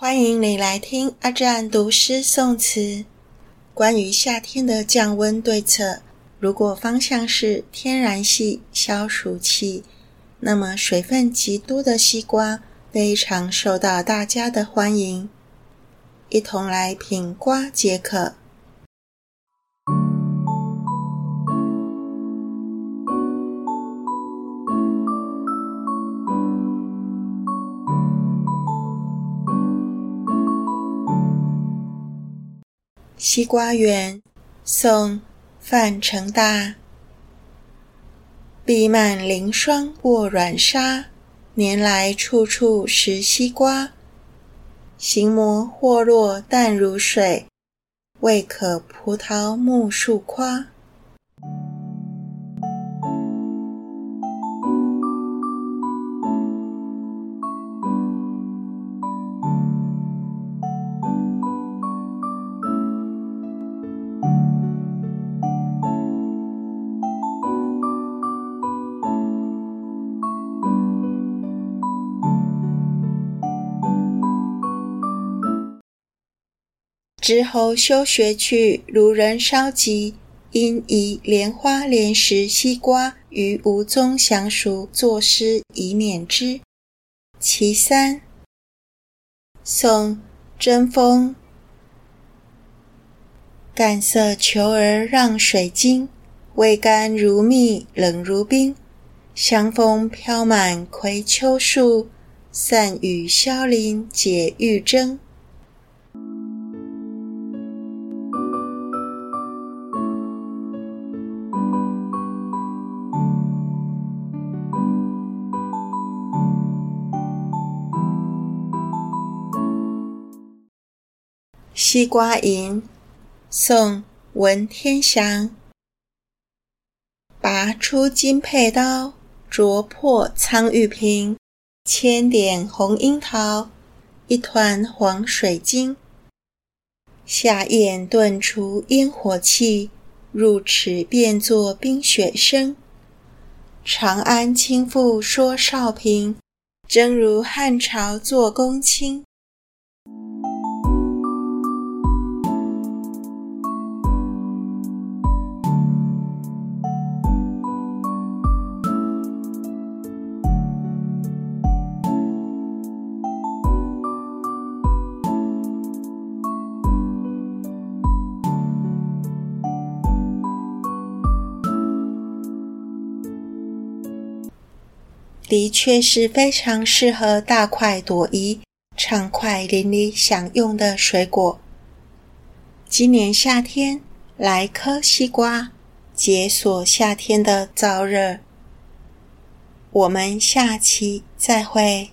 歡迎你來聽阿占讀詩宋詞。關於夏天的降溫對策，如果方向是天然氣消暑氣，那麼水分極多的西瓜非常受到大家的歡迎，一同來品瓜解渴。《西瓜園》宋·范成大。碧蔓凌霜臥軟沙，年來處處食西瓜。形模濩落淡如水，未可蒲萄苜蓿誇。值侯修學趣，儒人稍急，因遺蓮花蓮實西瓜於吾宗翔叔，作詩以勉之。其三，宋曾豐。紺色毬兒讓水晶，味甘如蜜，冷如冰，香風飄滿葵丘戍，散與鴞林解鬱蒸。《西瓜吟》宋文天祥。拔出金佩刀，斫破蒼玉瓶。千點紅櫻桃，一團黃水晶。下嚥頓除煙火氣，入齒便作冰雪聲。長安清富說邵平，爭如漢朝作公卿。的確是非常適合大快朵頤、暢快淋漓享用的水果。今年夏天來顆西瓜，解鎖夏天的燥熱。我們下期再會。